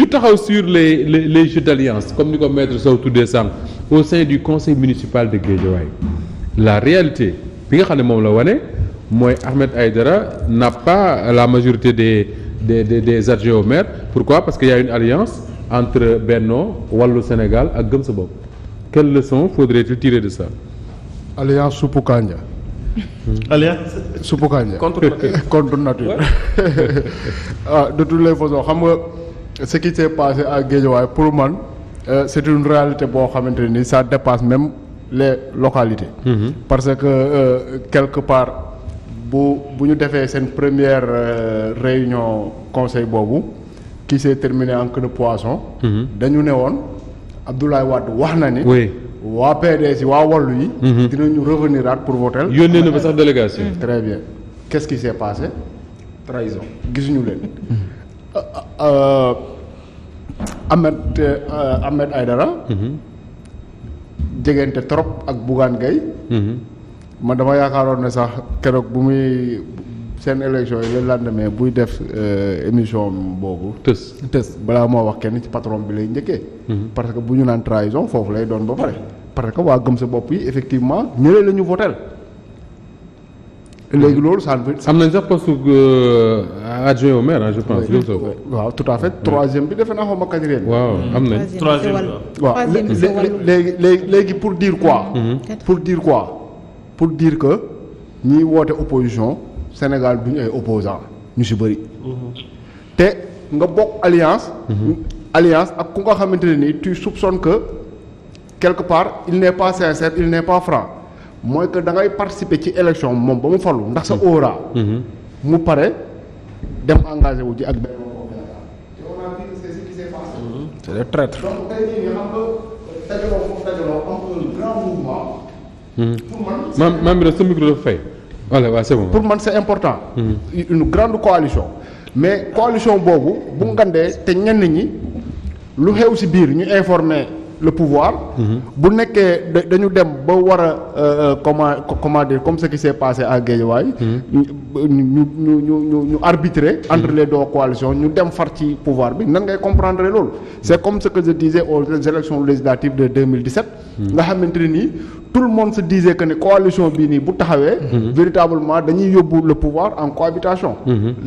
ñu taxaw sur les les les jeux d'alliance comme ni ko maître Sow tuddee sànq au sein du conseil municipal de Guédiawaye la réalité bi nga xam ne moom la wane mooy Ahmed Aïdara n'a pas la majorité des des des des adjoints au maire pourquoi parce que y a une alliance entre Benno Wallu Sénégal ak Gëm sa bopp quelle leçon faudrait-il tirer de ça. alliance suppu kanja. Hmm. alliance. suppu kanja contre nature ah, de toutes les façons ce qui s'est passé à Guédiawaye pour man euh, c'est une réalité boo xamante ni ça dépasse même les localité mhm. parce que euh, quelque part bu bu ñu defee seen première euh, réunion conseil boobu qui s'est terminée en queue de poisson. Mhm. dañu ne woon Abdoulaye Wade wax na ni. waa PDS yi waa Wallu yi. Mhm. dinañu revenir aat pour voter. yónnee na ba sax délégation. très bien qu'est-ce qui s'est gisuñu leen. Uh, uh, Ahmed uh, Ahmed Aydara. Mm-hmm. jegente trop ak Bougane Gueye. Mm-hmm. man dama yaakaaroon ne sax keroog bu muy seen élection yi le lendemain buy def euh, émission boobu. tës tës balaa moo wax kenn ci patron bi lay njëkkee. Mm-hmm. parce que bu ñu naan trahison foofu lay doon ba pare. parce que waa gëm sa bopp yi effectivement ñële la ñu votel léegi loolu ça veut am nañ sax poste euh, adjoint au maire je pense. waaw tout à fait troisième bi defe naa xaw ma waaw am nañ troisième waaw léegi léegi léegi pour diir mhm. quoi. pour diir quoi pour diir que ñiy woote opposition Sénégal duñu ay opposant ñu si bëri. Mhm. te nga bokk alliance. Mhm. alliance ak ku nga xamante ne nii tu soupçonnes que quelque part il n'est pas sincère il n'est pas franc. mooy que da ngay participer ci élection moom ba mu falu ndax sa aura. mu pare dem engagé wu ji ak benn c'est le traître. donc tey jii hmm. bi sa micro dafa fay. voilà waaw c'est bon. pour man c'est important. Hmm. une grande coalition. mais coalition boobu bu ngandee te ñenn ñi lu xew ci biir ñu informé. le pouvoir. Mhm. bu nekkee dañu dem ba war a euh, euh, comment comment dire comme ce qui s'est passé à Guédiawaye. Mhm. ñu ñu ñu ñu ñu arbitrer entre mhm. les deux coalitions ñu dem far ci pouvoir bi nan ngay comprendre loolu. c'est comme ce que je disais aux élections législatives de 2017. nga xamante ne nii tout le monde se disait que ne coalition bi nii bu taxawee. véritablement dañuy yóbbu le pouvoir en cohabitation.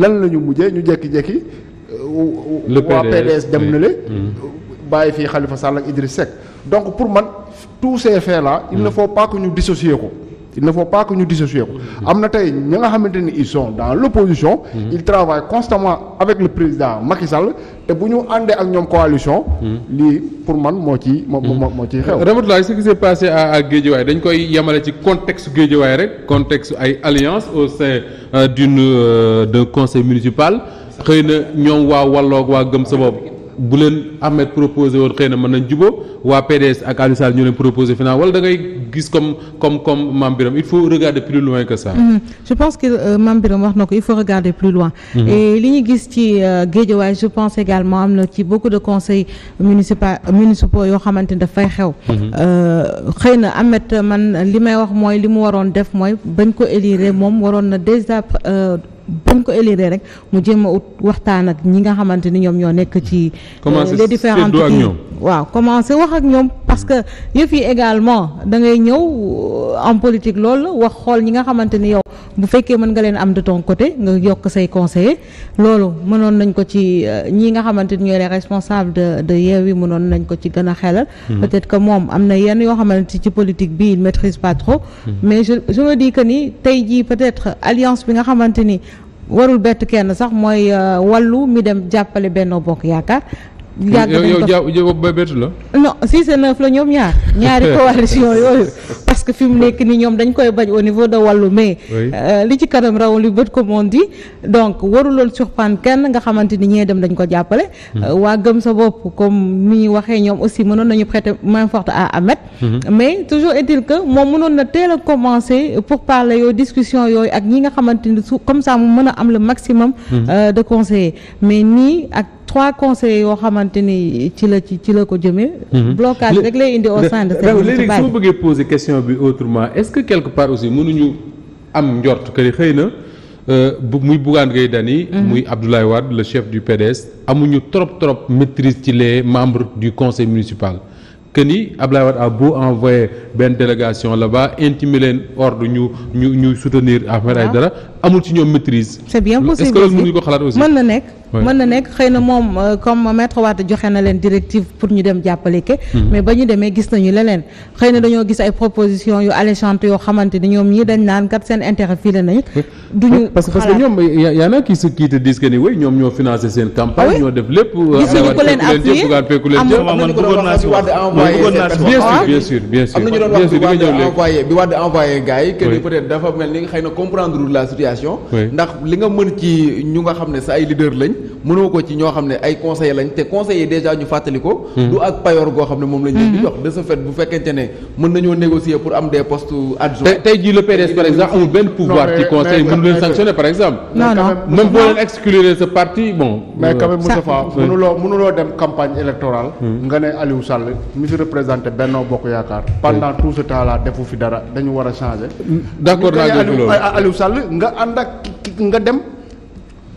lan la ñu mujjee ñu jékki-jékki. Euh, le PDS waa PDS dem na le. bàyyi fii xalifa Sall ak Idriss Seck donc pour man tout ces faits là. il ne faut pas ñu dissocier ko. il na faut pas ñu dissocier ko. am na tey ña nga xamante ni ils sont dans l' opposition. ils travaillent avec le président Macky Sall te bu ñu àndee ak ñoom coalition. lii pour man moo ci moo moo ciy xew. Ramatoulaye ce qui s' est passé à à Guédiawaye dañ koy yemale ci contexte Guédiawaye rek contexte ay alliance au sein euh, d' une euh, de conseil municipal xëy na ñoom waa Walloog waa Gëm sa bopp. bu leen Ahmed proposé woon xëy na mën nañ jubóo waa PDS ak Aliou Sall ñu leen proposé finalement wala da ngay gis comme comme comme Mame il faut regarder plus loin que ça. Mhm. je pense que euh, wax na ko il faut regarder plus loin. Mhm. li ñu gis ci euh, Guédiawaye je pense également am na ci beaucoup de conseils municipal municipaux yoo xamante dafay xew. Mhm. Euh, xëy na Ahmed man li may wax mooy li mu waroon def mooy bañ ko élire moom waroon na déjà. bu ko élire rek mu jéem a ut waxtaan ak ñi nga xamante ni ñoom ñoo nekk ci. Euh, les différentes waaw commencé wax ak ñoom parce que yëf yi également da ngay ñëw euh, en politique loolu wax xool ñi nga xamante ni yow. bu fekkee mën nga leen am de ton côté nga yokk say conseiller loolu mënoon nañ ko ci euh, ñii nga xamante ni ñooy responsable de de yi mënoon nañ ko ci gën a xelal mhm. peut-être que moom am na yenn yoo xamante ci politique bi il maîtrise mhm. mais je je me dis que ni tey jii peut-être alliance bi nga xamante ni warul bett kenn sax mooy euh, wallu mi dem jàppale Benno Bokk Yaakaar yàgg nañ ko yow ba bettu la. non 6 et 9 la ñoom ñaar ñaari fi mu nekk nii ñoom dañ koy bañ au niveau de wàllu mais. Euh, li ci kanam raw li bët ko moom di donc waruloon kenn nga xamante ni ñee dem dañ ko jàppale. Hmm. Euh, waa sa bopp comme ni ñu waxee ñoom aussi mënoon nañu prêter main forte à Ahmed. Hmm. mais toujours est-il que na teel a commencer pour parler yooyu discussion yooyu ak ñi nga xamante ni su comme ça mu mën a am le maximum. Hmm. Euh, de conseillers mais nii ak. trois conseil yoo xamante ni ci la ci ci la ko jëmee. Mhm. blocage rek lay indi au sein de. seen léegi su ma bëggee bi autrement est-ce que quelque part aussi mënuñu am njort que xëy na euh, muy Bougane Gueye Dany. Mhm. muy Abdoulaye Wade le chef du PDS. amuñu trop trop maîtrise ci les membre du conseil municipal. que ni Abdoulaye Wade bu envoyé envoyer benn délégation là-bas intimer leen ordre ñu ñu ñu soutenir Ahmed Aïdara amul ci ñoom maîtrise. c'est bien possible est-ce que loolu mënuñu ko xalaat aussi mën na nekk. mën na nekk xëy na moom euh, comme maître Wade joxe na leen directive pour ñu dem jàppale ke mm-hmm. mais ba ñu demee gis nañu leneen xëy na dañoo gis ay proposition yu alléchante yoo xamante ni ñoom ñii dañ naan kat seen intérêt fii la nañ duñu parce que ñoom yaa na kii su kii te dis que ni way ñoom ñoo financé seen campagne ah ñoo def lépp gisuñu euh, ko leen appuyé ah? bien sûr bien sûr am nañu doon wax bi Wade bi Wade envoyé gars yi que ni peut être dafa mel ni xëy na comprendre la situation ndax li nga mën ci ñu nga xam ne sa ay leader lañ mënoo ko ci ñoo xam ne ay conseillers lañ te conseillers déjà ñu fàttali ko. Hmm. du ak payoor goo xam ne moom lañ leen hmm. jox de ce fait bu fekkente ne mën nañoo négocier pour am des postes adjoints. tey jii le PDS par exemple amul benn pouvoir ci conseil mënu leen sanctionner par exemple. non non même boo leen sa parti bon. mais quand même euh, Moustapha mënuloo mënuloo dem campagne électorale. Hmm. nga ne Aliou Sall mi fi représenté Benno Bokk Yaakaar. pendant tout ce temps defu fi dara dañu war a changer.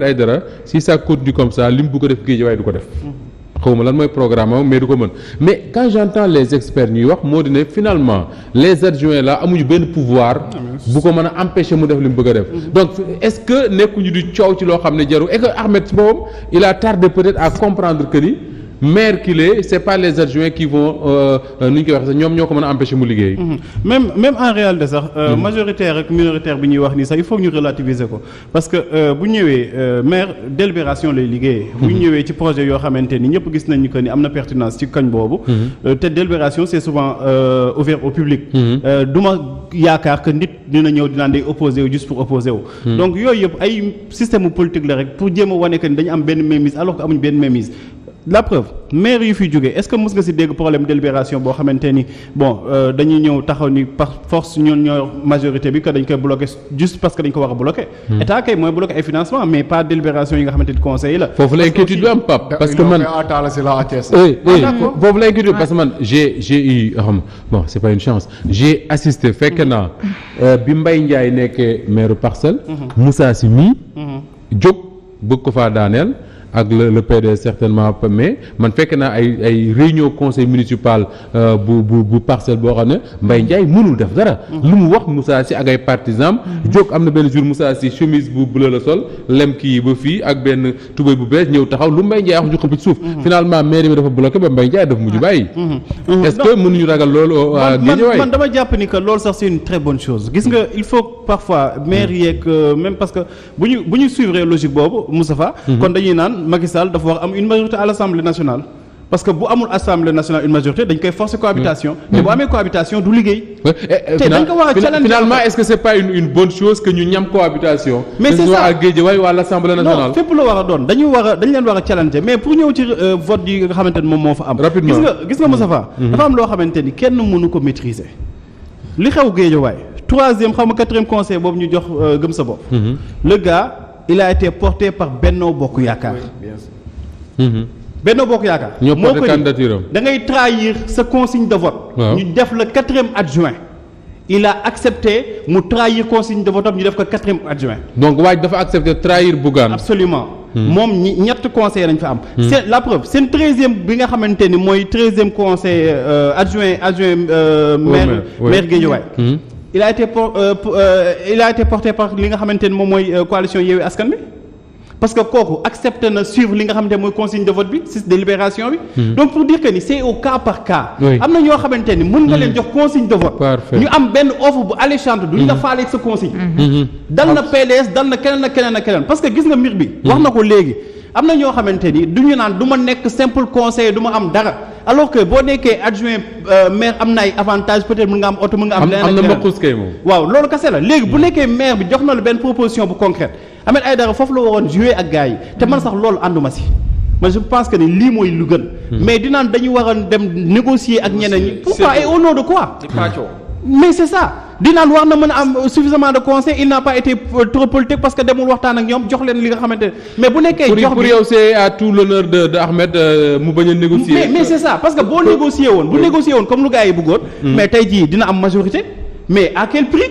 Ahmed Aïdara si ça continue comme ça lim bu ko def Guédiawaye du ko def. xaw ma lan mooy programme am mais du ko mën mais quand j'entends les experts ñuy wax moo di ne finalement les adjoints là amuñu benn pouvoir ah, bu ko mën a empêcher mu def li mu bëgg def mm-hmm. donc est-ce que nekkuñu di coow ci loo xam ne jarul et que Ahmed boppam il a tardé à comprendre que maire qu'il est c'est pas les adjoints qui vont euh, euh, nu ñu koy wax sax ñoom ñoo ko mën a empêcher mu liggéey. Mhm. même même en réalité sax. Euh, mmh. majoritaire ak minoritaire bi ñuy wax nii sax il faut ñu relativiser ko parce que euh, bu ñëwee maire délibération lay liggéeyee. Mhm. bu ñëwee ci projet yoo xamante ni ñëpp gis nañu que ni am na pertinance ci kañ boobu. Mhm. te délibération c'est souvent euh, ouvert au public. duma yaakaar que nit dina ñëw dinaan day opposé wu juste pour opposé wu. donc yooyu yëpp ay système politique la rek pour jéem a wane que ni dañu am benn mainmise alors que benn mainmise la preuve maire yu fi jógee est-ce que mës nga ci dégg problème délibération boo xamante ni bon euh, dañuy ñëw taxaw ni par force ñun ñoo majorité bi que dañ koy bloqué juste parce que dañ ko war a bloqué. Hmm. état kay mooy bloqué ay financement mais pas délibération yi nga xamante ni conseil la. foofu la inquiétude bi am Pape parce que man ah, foofu la inquiétude parce que man j'ai j'ai eu ah, xam bon c'est pas une chance j'ai assisté fekk naa hmm. euh, bi mbay Ndiaye nekkee maire parcelle. Hmm. Moussa Sy mii jóg bëgg ko faa ak le le PDS certainement mais man fekk naa ay ay réunion conseil municipal euh, bu bu bu parcelle boo xam ne Mbaye Ndiaye mënul def dara. lu mu wax Moussa Sy ak ay partisans jóg am na benn jour Moussa Sy chemise bu bleu la sol lem kii ba fii ak benn tubéy bu bees ñëw taxaw lu mbay Ndiaye wax ñu ko ci suuf. Mm-hmm. finalement mairie bi dafa bloqué ba Mbaye Ndiaye dafa mujj bàyyi. Mm-hmm. Mm-hmm. est-ce mënuñu ragal loolu. Euh, man dama jàpp ni que loolu sax c'est une très bonne chose gis nga il faut parfois maire yeeg euh, même parce que bu ñu bu ñu suivre logique boobu Moustapha kon dañuy naan Macky Sall dafa wax am une majorité à l'Assemblée nationale parce que bu amul assemblée nationale une majorité dañ koy forcer cohabitation. te mm. bu amee cohabitation du liggéey. Eh, eh, te dañ ko war a challenger finalement est-ce que c'est pas une une chose que ñu ñam cohabitation. mais c'est ça ak Guédiawaye waa l'assemblée nationale. fépp la war a doon dañu war a dañ leen war a challenger mais pour ñëw ci euh, vote yi nga xamante moom moo fa am. gis nga gis nga il a été porté par Benno Bokk Yaakaar. Mhm. Benno Bokk Yaakaar. ñoo porté candidature am da ngay trahir sa consigne de vote. ñu def le quatrième adjoint. il a accepté mu trahir consigne de vote am ñu def ko quatrième adjoint. donc waaj dafa accepté trahir Bougane. absolument hmm. moom ñi ñett conseil lañ fa am. Hmm. c'est la preuve seen treizième bi nga xamante ni mooy treizième conseil euh, adjoint adjoint euh, maire maire Guédiawaye. Hmm. il a été euh, euh, li nga xamante ni moom mooy euh, coalition Yewwi Askan Wi parce que kooku accepté na suivre li nga xamante mooy consigne de vote bi si délibération bi. Hmm. ni c'est nga leen hmm. jox consigne de vote. ñu am benn offre bu alléchante du ñu la hmm. faale sa consigne. dal na PDS dal na keneen ak keneen ak keneen parce que gis nga mbir bi. wax na ko léegi am na ñoo xamante ni du ñu naan du ma nekk simple conseiller du ma am dara. alors que boo nekkee adjoint euh, maire am na ay avantages peut-être mën nga am oto mën nga am. am na mbokkus kay moom waaw loolu kese la léegi bu hmm. nekkee maire bi jox na la benn proposition bu concrète ay dara foofu la waroon jouer ak gars yi te man sax loolu ànduma si. mais je pense que ni lii mooy lu gën. Hmm. mais dinaan dañu war a dem négocier ak ñeneen ñi. pourquoi et au nom de quoi. Hmm. mais c'est ça. di naan war na mën a am suffisamment de conseil il n'a pas été euh, trop politique parce que demul waxtaan ak ñoom jox leen li nga xamante mais bu nekkee. jox pour yow c'est tout l'honneur de de Ahmed euh, mu bañ a négocier. mais mais c'est ça parce que boo négocier woon. bu négocier woon comme lu gars yi bëggoon. Hmm. mais tey jii dina am majorité mais à prix.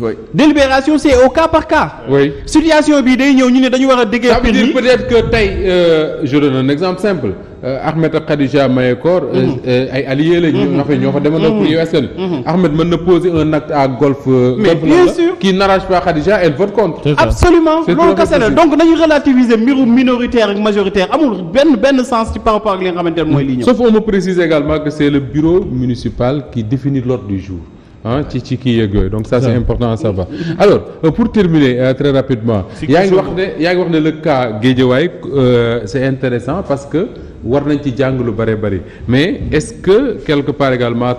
oui délibération c'est au cas par cas. situation bi day ñëw ñu ne dañu war a déggee. pile peut-être que tey euh, je donne un exemple simple. Euh, Ahmed ak Khadija Mayekor. Euh, mhm. euh, ay alliés la ñu. nga mhm. fa ñoo fa demoon mhm. pour USN. Ahmed mën na poser un acte à Golf. Euh, mais bien sûr qui n'arrange pas Khadija elle vote contre. absolument loolu kese donc nañu relativiser mbiru minoritaire ak majoritaire amul benn benn sens ci par rapport ak li nga xamante ne mooy lii ñëw. sauf on me précise également que c'est ah ci ci kii yeeg yooyu donc ça c'est important à savoir alors euh, pour terminer euh, très rapidement yaa ngi wax ne yaa ngi wax ne le cas Guédiawaye euh, c'est intéressant parce que war nañ ci jàng lu bare bari mais est-ce que quelque part également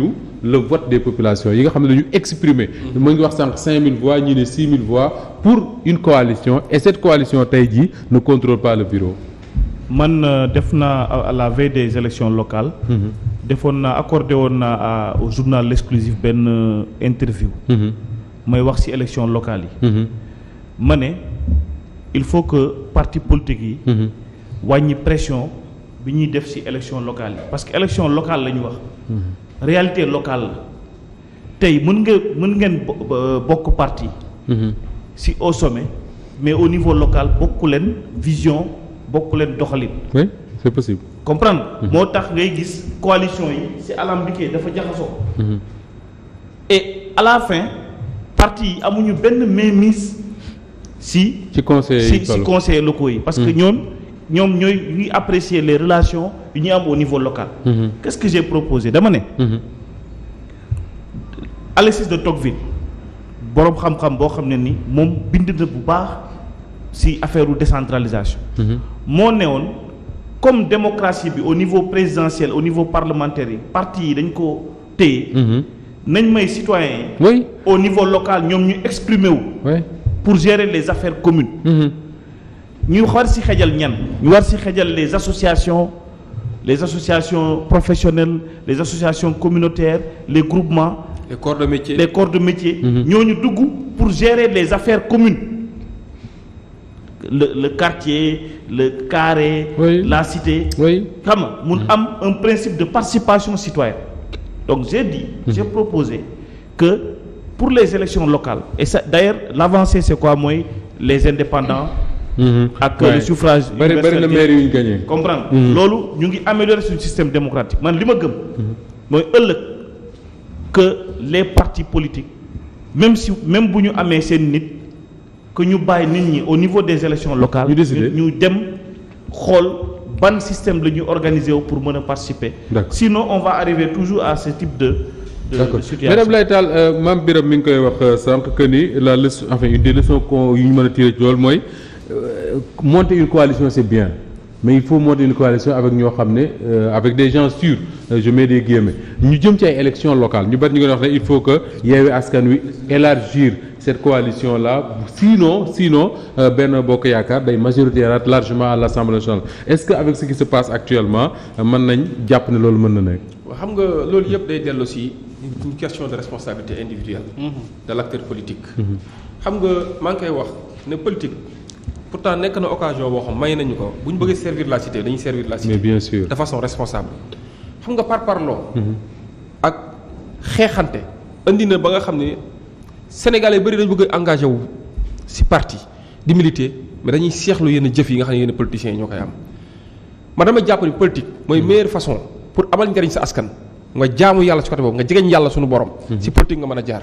ñu le vote des populations yi nga xam ne dañu exprimer mm-hmm. mu ngi wax sànq 5000 voix ñi ne 6000 voix pour une coalition et cette coalition tey jii ne contrôle pas le bureau man def na à la veille des élections locale mm-hmm. defoon naa accordé woon naa au journal l'exclusif benn euh, interview. Mhm. may wax ci élection locale yi. Mhm. ma ne il faut que parti politique yi. Mhm. wàññi pression bi ñuy def ci élection locale yi parce que élection locale la ñu wax. réalité locale la tey mën nga mën ngeen bokk parti. ci au sommet mais au niveau local bokk leen vision bokk leen doxalin. oui c'est possible. comprendre mhm. moo tax ngay gis coalition yi c'est alambiqué dafa jaxasoo mhm. et à fin parti yi amuñu benn mainmise si ci conseil si si conseil locaux yi parce que mhm. ñoom ñoom ñooy ñuy apprécier les relations yu ñuy am au niveau local qu'est-ce que j'ai proposé dama ne Alexis de Tocqueville boroom xam-xam boo xam ne ni moom bind na bu baax si affaire décentralisation moo newoon comme démocratie bi au niveau présidentiel au niveau parlementaire yi parti yi dañ ko téye. Mhm. nañ may citoyens yi. au niveau local ñoom ñu exprimer wu. pour gérer les affaires communes. Mhm. ñu war si xejal ñan. ñu war si xejal les associations les associations professionnelles les associations communautaires les groupements. les corps de métier les corps mhm. dugg pour gérer les affaires communes. le le quartier le carré. la cité. oui xam nga mun mm. am un principe de participation citoyenne. donc j'ai dit. Mm. j'ai proposé que pour les élections locales et ça d'ailleurs l'avancée c'est quoi mooy les indépendants. Mm-hmm. Mm-hmm. ak le suffrage. bari bari yu ñu gagné. comprendre mm-hmm. loolu ñu ngi améliorer suñu système démocratique man li ma gëm. mooy ëllëg que les partis politiques même si même bu ñu amee seen nit. que ñu bàyyi nit ñi au niveau des élections locales. ñu décider dem xool ban système la ñuy organiser wu pour mën a participer. sinon on va arriver toujours à ce type de. de, de situation madame Laye Tall euh, maam mi ngi koy wax euh, sànq que ni la leçon enfin une des leçons yu ñu mën a tirer ci loolu mooy euh, monter une coalition c'est bien. mais il faut monter une coalition avec ñoo xam ne euh, avec des gens sûrs euh, je mets des ñu jëm ci ay élections locales ñu bari ñu ngi wax ne il faut que yeewi askan wi élargir cette coalition là sinon sinon euh, Benno Bokk Yaakaar day majoritaire largement à l'Assemblée nationale est-ce que avec ce qui se passe actuellement mën nañ jàpp ne loolu mën na nekk. xam nga loolu yëpp day dellu si une question de responsabilité individuelle. Mm-hmm. de l'acteur politique. Mm-hmm. xam nga maa ngi koy wax ne pourtant nekk na occasion boo xam may nañu ko bu ñu bëggee servir la cité dañuy servir la cité. mais de façon responsable. xam nga par parloo. Mm-hmm. ak xeexante. andi na ba nga xam ne sénégalais bari dañu bëgg engagé wu si parti di militer mais dañuy seexlu yenn jëf yi nga xam ne yenn politiciens yi ñoo koy am man dama jàpp ni mooy mm-hmm. meilleure façon pour amal njariñ sa askan. nga jaamu yàlla si côté boobu nga jegeñ yàlla suñu borom. Mm-hmm. si politique nga mën a jaar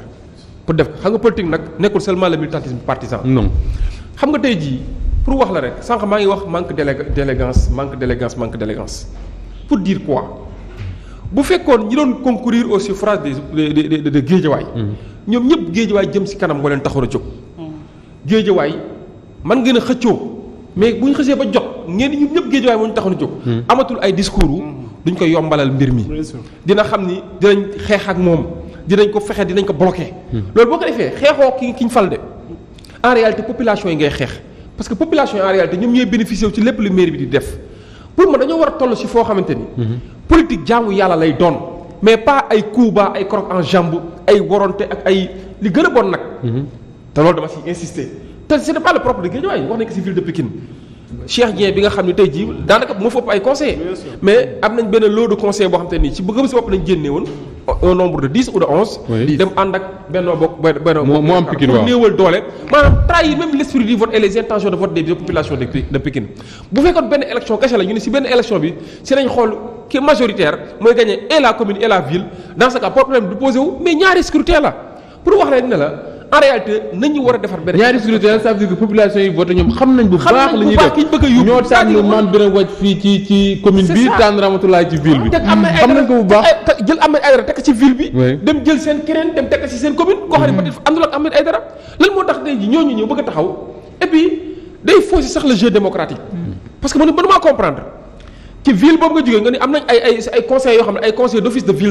pour def ko nga politique nag nekkul seulement le militantisme partisan. non xam nga tey jii pour wax la rek sànq maa ngi wax manque d'élégance manque d'élégance manque d'élégance pour diir quoi bu fekkoon ñi doon concourir au suffrage des de de de géejawaay. Mhm. ñoom ñëpp géejawaay jëm ci kanam moo leen taxoon a jóg. Mhm. géejawaay man ngeen a xëccoo mais bu ñu xësee ba jot ngeen ñun ñëpp géejawaay moo ñu taxu a jóg. Mhm. amatul ay discours. duñ ko yombalal mbir mi. dina xam ni dinañ xeex ak moom dinañ ko fexe dinañ ko bloqué. loolu boo ko defee xeexoo ki ki ñu en réalité population yi ngay xeex parce que population yi en réalité ñoom ñooy bénéficié ci lépp lu mairie bi di def pour ma dañoo war a toll si foo xamante ni. Mhm. politique jaamu yàlla lay doon mais pas ay coups bas ay crocs en jambe ay woronte ak ay li gën a bon nag. Mhm. te loolu dama si insister te ce n'est pas le propre wax nañ ko ville de Pikine. Cheikh Dieng bi nga xam ne tey jii daanaka moo fëpp ay conseillers. mais am nañ benn lot de conseillers boo xam te nii ci bëggam si bopp lañ génne woon. nombre de dix ou de onze. dem ànd ak bennoo bokk benn. moo moo l' esprit du benn élection kese la ñu ne si benn élection bi si nañ xool ki majoritaire mooy gagné et la commune et la ville dans ce cas problème du posé mais ñaari scrutin la pour wax leen ne la. en réalité nañu war a defar benn. ñaari sécurité ça veut dire que population yi voté ñoom xam nañ bu baax la ñuy def baax ki bëgg a yóbbu. ñoo tànn Mame Birame Wathie fii ci ci commune bi. tànn Ramatoulaye ci ville bi. dem jël seen keneen dem teg ci seen commune. koo xam ne mm-hmm. peut-être àndul ak Ahmed Aïdara lan moo tax tey jii ñooñu ñëw bëgg a taxaw et day fausser sax le jeu démocratique. Mm-hmm. parce que man man maa comprendre ci ville boobu nga jógee nga ni am nañ ay ay yoo xam ne ay conseils d'office de bi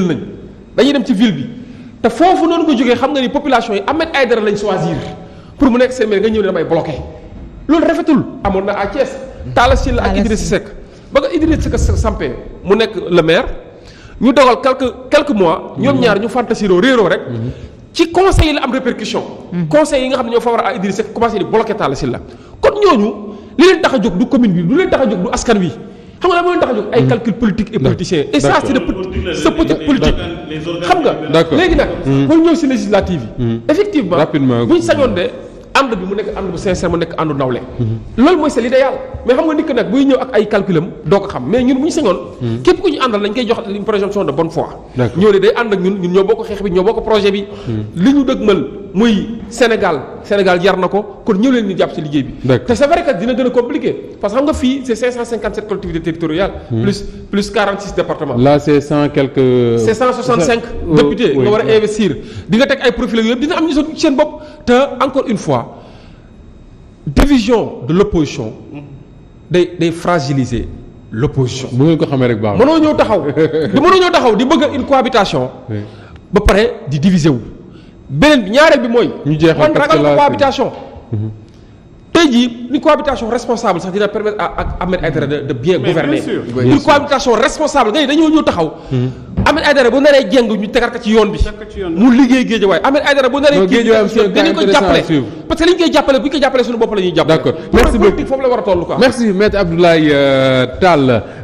te foofu noonu ko jógee xam nga ni population yi Ahmed Aïdara lañ choisir pour mu nekk seen maire nga ñëw ne damay bloqué loolu rafetul amoon na à Thiès. Talla la ak Idriss Seck ba nga Idriss Seck sampee mu nekk le maire ñu dogal quelques quelques mois. ñoom ñaar ñu fantasiroo réeroo rek. ci conseil la am répercussion. Mm-hmm. conseil yi nga xam ne ñoo favorable à Idriss Seck commencé di bloqué Talla Sylla kon ñooñu li leen tax a jóg du commune bi lu leen tax a jóg du askan wi. xam la mooy tax a jóg ay calcul politique et politicien et ça c'est de ce petit politique xam nga léegi nag mooy ñëw si législative yi hmm. effectivement buñ sañoon de ànd bi mu nekk ànd bu sincère mu nekk àndu nawle loolu mooy c'est l'idéal mais xam nga nit nag buy ñëw ak ay calculam doo ko xam mais ñun bu ñu sañoon képp ku ñu àndal dañ koy jox une présomption de bonne day ànd ak ñun ñun ñoo bokk xeex bi ñoo bokk projet bi hmm. li ñu dëgmal muy Sénégal Sénégal jar na ko kon ñëw leen ñu jàpp ci liggéey bi te c'est vrai que dina gën a compliqué parce que xam nga fii c'est 557 collectivités hmm. plus plus 46 départements là c'est nga war a investir di nga teg ay te encore une fois division de l'opposition day day fragiliser l'opposition. bu ngeen ko xamee rek baax mënoo ñëw taxaw di mënoo ñëw taxaw di bëgg une cohabitation. ba pare di diviser wu. beneen bi ñaareel bi mooy. ñu jeexal man ragal cohabitation. tey jii une cohabitation responsable sax dina permettre à Ahmed Aïdara de bien gouverner une cohabitation responsable gars yi dañoo ñëw taxaw hmm. Ahmed Aïdara bu naree jeng ñu tegar ci yoon bi mu liggéey géejawaay Ahmed Aïdara bu naree kii dañu ko jàppale parce que li koy jàppale bu ñu koy jàppale suñu bopp la ñuy d'accord merci beaucoup foofu la a